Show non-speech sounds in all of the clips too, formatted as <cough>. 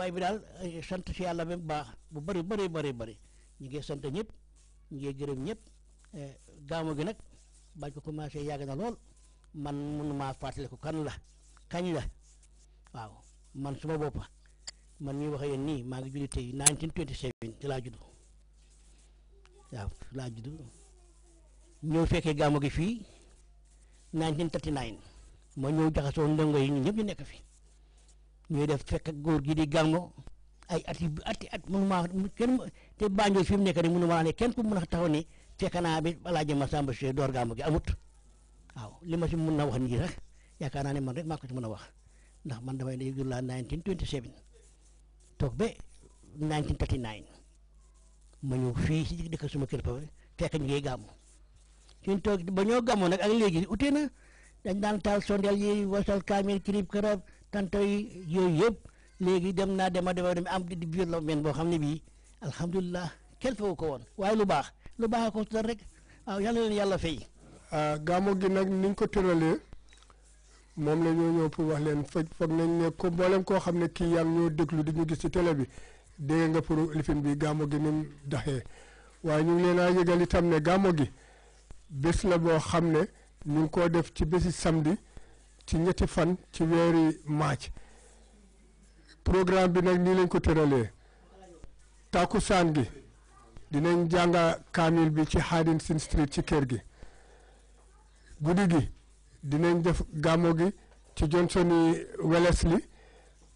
taxawaay bi daal sant si yàlla bi baax bu bëri bëri bëri bëri ñu ngi sant ñëpp ñu ngi gërëm ñëpp eh, gaamu gi nag bañ ko commencé yàgg na lool man mënu maa ko kan la kañ la waaw man suma bopp man ñuy wax yéen nii maa ngi judd tey 1927 ci laa judd waaw ci laa judd ñëw fekkee gaamu gi fii 1939 ma ñëw jaxasoo ndongo yi ñun ñëpp ñu nekk fi. ñuy def fekk góor gi di gàngo ay at yu at at mënuma kenn te Banjul fi mu nekk nii mënuma ne kenn ku mën a taxaw ne fekk naa bi balaa jëm Samba Cissé door gàmmu waaw li ma si mën na wax nii yaakaar naa ne man rek maa mën a wax ndax man damay ne jur laa 1927 toog ba 1939 ma ñëw fii si dëkk suma kër fa fekk ñu ngi gàmmu suñ toog ba ñoo gàmmoo nag ak léegi utee na dañ daan taal sondeel yi wasal kaamil kirib karab tantôt yooyu yëpp léegi dem naa dema dema dem am di développement boo xam ne bii alhamdulilah kenn foofu ko woon waaye lu baax lu baax a ko tuddal rek waaw yàlla leen yàlla fay. Ah, gàmmu gi nag ni ñu ko tëralee moom la ñoo ñëw pour wax leen foog nañ ne ko mboolem koo xam ne kii yaa ñoo déglu di ñu gis ci télé bi dégg nga pour lifin bi gàmmu gi ni mu daxee waaye ñu ngi leen a yëgal itam ne gàmmu gi bés la boo xam ne ñu ngi koo def ci bési samedi. ci ñetti fan ci weeri maac programme bi nag nii lañ ko tëralee tàkkusaan gi dinañ jànga kaamil bi ci Hardinson Street ci kër gi guddi gi dinañ def gàmmo gi ci Johnson yi Wellesley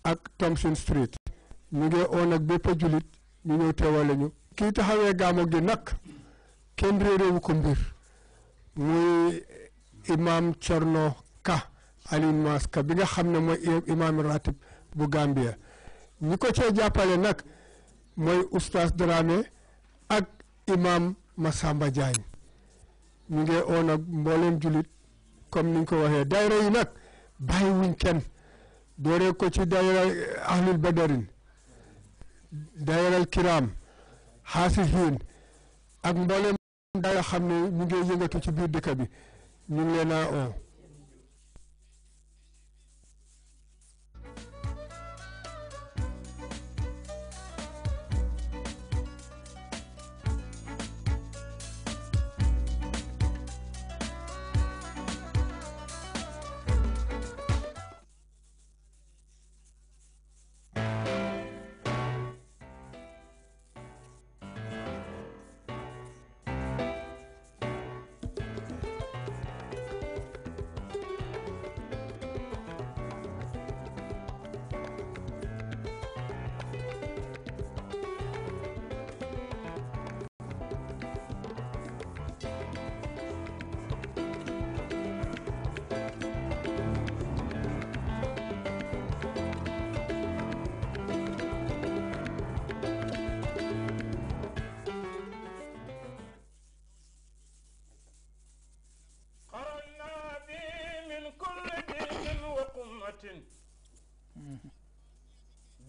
ak Thompson Street ñu ngi oo nag bépp a ñu ñëw teewale ñu kii taxawee gàmmo gi nag kenn réeréewu ko mbir muy imam Thierno Alioune Maska bi nga xam ne mooy imaam ratib bu Gambia ñi ko cee jàppale nag mooy oustaz Dramé ak imaam Massamba Diagne ñu ngi oo nag mbooleem julit comme niñ ko waxee daayira yi nag bàyyi wuñ kenn ko ci daayira ahlul badarin daayiral kiraam xaasihiin ak mbooleem daayira xam ne ñu ngi ci biir dika bi ñu ngi leen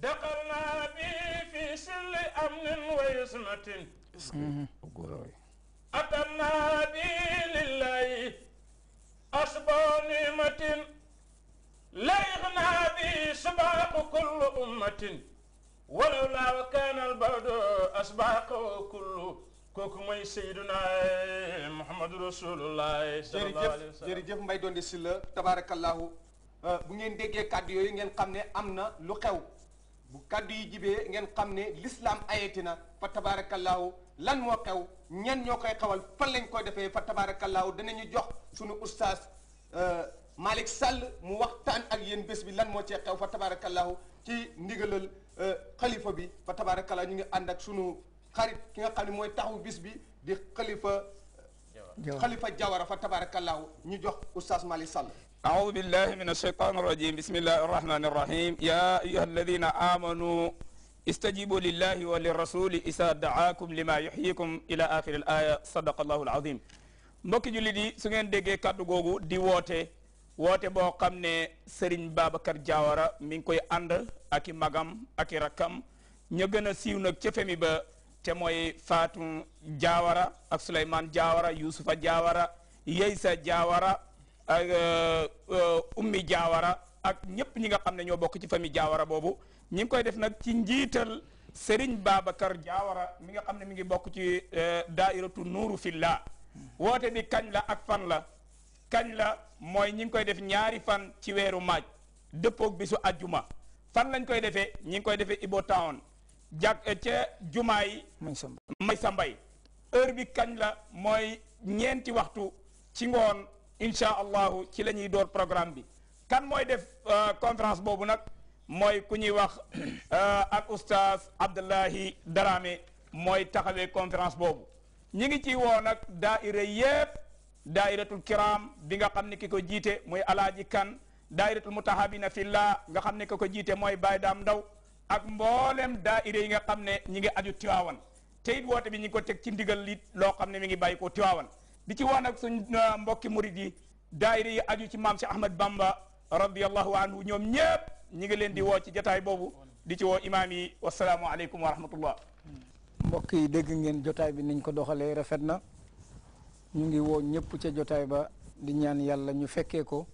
دخلنا به في سل أمن ويسمة أتمنا به لله أصبع نعمة لا يغنى به سباق كل أمة ولولا وكان البعد أسباق كل kooku mooy Seydina Muhammadu Rasulullah. jërëjëf jërëjëf Mbaye Donde Sylla tabaarakallaahu Euh, bu ngeen déggee kàddu yooyu ngeen xam ne am na lu xew bu kàddu yi jibee ngeen xam ne l'islam ayeti na fa tabaarakallaahu lan moo xew ñan ñoo koy xewal fan lañ koy defee fa tabaarakallaahu danañu jox suñu ustaas euh, Malick Sall mu waxtaan ak yéen bés bi lan moo cee xew fa tabaarakallaahu ci ndigalal euh, xalifa bi fa tabaarakallaahu ñu ngi ànd ak suñu xarit ki nga xam ne mooy taxawu bés bi di xalifa xalifa jawara fa tabaarakallaahu ñu jox ustaas Malick Sall أعوذ بالله من الشيطان الرجيم بسم الله الرحمن الرحيم يا أيها الذين آمنوا استجيبوا لله وللرسول إذا دعاكم لما يحييكم إلى آخر الآية صدق الله العظيم mbokki jullit yi su ngeen déggee kàddu googu di woote woote boo xam ne Serigne Babacar Diawara mi ngi koy ànd ak i magam ak i rakkam ña gën a siiw nag ca femi ba te mooy Fatou Diawara ak Souleymane Diawara Youssoufa Diawara Yeysa Diawara ak euh, euh, ummi jaawara ak ñëpp ñi nga xam ne ñoo bokk ci famille jaawara boobu ñi ngi koy def nag ci njiital Serigne Babacar jaawara mi nga xam ne mi ngi bokk ci euh, daairatu nuuru fillah woote bi kañ la ak fan la kañ la mooy ñi ngi koy def ñaari fan ci weeru maaj dëppoog bisu ajjuma fan lañ koy defee ñi ngi koy defee Ibo Town jàkk ca jumaa yi may sa mbay heure bi kañ la mooy ñeenti waxtu ci ngoon incha allahu ci la ñuy door programme bi kan mooy def euh, conférence boobu nag mooy ku ñuy wax <coughs> euh, ak oustaz Abdullahi Darame mooy taxawee conférence boobu ñi ngi ci woo nag daaira yépp daairatul kiram bi nga xam ne ki ko jiite muy alaaji kan daairatul mutahabina fillah nga xam ne ki ko jiite mooy Baye Daam Ndaw ak mboolem daaira yi nga xam ne ñi ngi aju Tiwaawan te it woote bi ñi ngi ko teg ci ndigal li loo xam ne mi ngi bàyyi ko Tiwaawan di ci wax nag suñ euh, mbokki murid yi daayira yi aju ci maam si Ahmad Bamba radiallahu anhu ñoom ñëpp ñi ngi leen di woo ci jotaay boobu di ci woo imaam yi wasalaamu aleykum wa rahmatullah mbokk yi dégg ngeen jotaay bi niñ ko doxalee rafet na ñu ngi woo ñëpp ca jotaay ba di ñaan yàlla ñu fekkee ko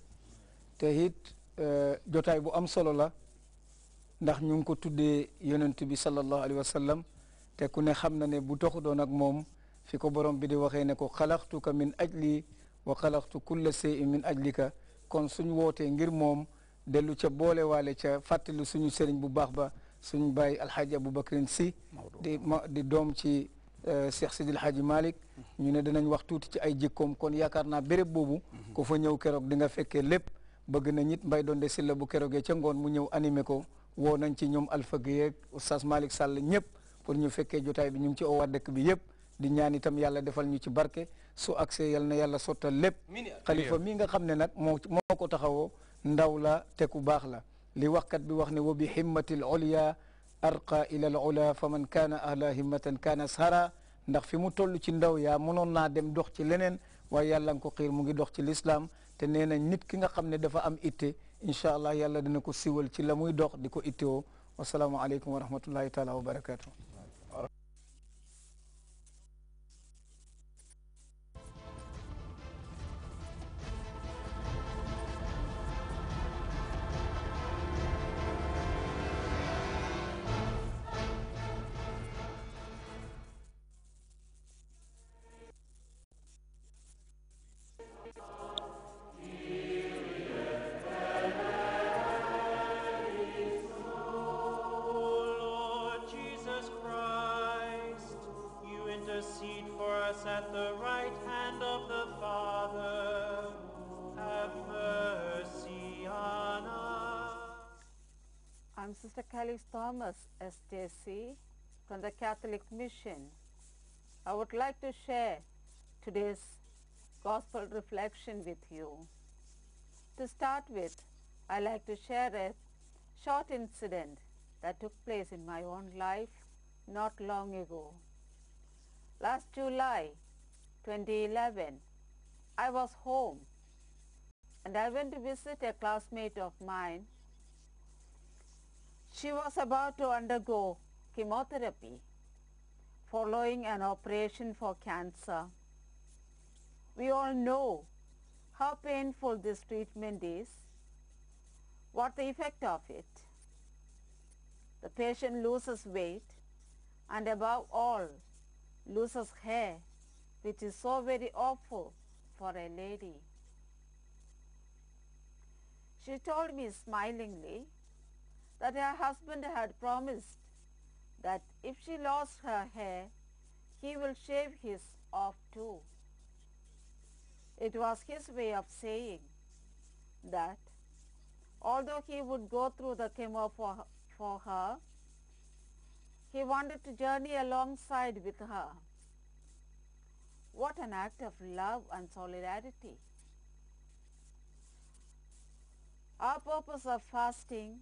te it euh, jotaay bu am solo la ndax ñu ngi ko tuddee yonent bi sallallahu alayhi wa sallam te ku ne xam na ne bu toxu doon ak moom fi ko borom bi di waxee ne ko xalaqtuka min ajli wa xalaqtu kulla shay'in min ajlika kon suñ wootee ngir moom dellu ca boole waale ca fàttali suñu sëriñ bu baax ba suñ bàyyi alxaaji Aboubacrine si di di doom ci eh, Cheikh Sidil Hadji Malick mm-hmm. ñu ne danañ wax tuuti ci ay jikkoom kon yaakaar naa béréb boobu mm-hmm. ku fa ñëw keroog di nga fekkee lépp bëgg na ñit mbay doon de si la bu keroogee ca ngoon mu ñëw animé ko woo nañ ci ñoom Alpha Gueye ak Oustaz salla Sall ñëpp pour ñu fekkee jotaay bi ñu ngi ci owaat dëkk bi yëpp di ñaan itam yàlla defal ñu ci barke su accès yalla na yàlla sotal lépp khalifa mi nga xamné nak moko moo ndaw la te ku bax la li wax kat bi wax ne wa bi himmati l ulya arqa ila al ula fa man kaana ahla himmatan kana sara ndax fi mu tollu ci ndaw ya mënon na dem dox ci lenen waaye yàlla ko xir mu ngi dox ci l'islam te néna nit ki nga xamné dafa am itte inshallah yàlla dina ko siwal ci lamuy dox diko itté ko assalamu alaykum wa rahmatullahi taala wa barakatuh for us at the right hand of the Father, have mercy on us. I'm Sister Kelly Thomas SJC from the Catholic Mission. I would like to share today's gospel reflection with you. To start with, I like to share a short incident that took place in my own life not long ago. Last July 2011, I was home and I went to visit a classmate of mine. She was about to undergo chemotherapy following an operation for cancer. We all know how painful this treatment is, what the effect of it. The patient loses weight and above all loses hair, which is so very awful for a lady. She told me smilingly that her husband had promised that if she lost her hair, he will shave his off too. It was his way of saying that although he would go through the chemo for, for her, he wanted to journey alongside with her. What an act of love and solidarity. Our purpose of fasting,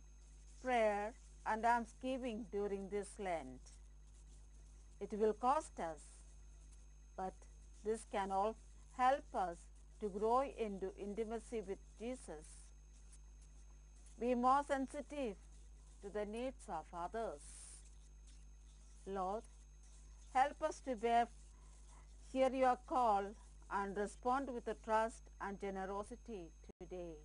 prayer and almsgiving during this Lent. It will cost us, but this can all help us to grow into intimacy with Jesus. Be more sensitive to the needs of others. Lord. Help us to bear, hear your call and respond with a trust and generosity today.